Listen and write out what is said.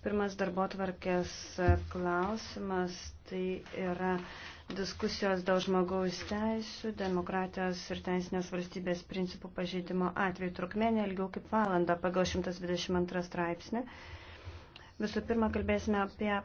Pirmas darbo tvarkės klausimas tai yra diskusijos dėl žmogaus teisų, demokratijos ir teisinės valstybės principų pažeidimo atveju trukmenė ilgiau kaip valandą pagal 122 straipsnį. Visų pirma, kalbėsime apie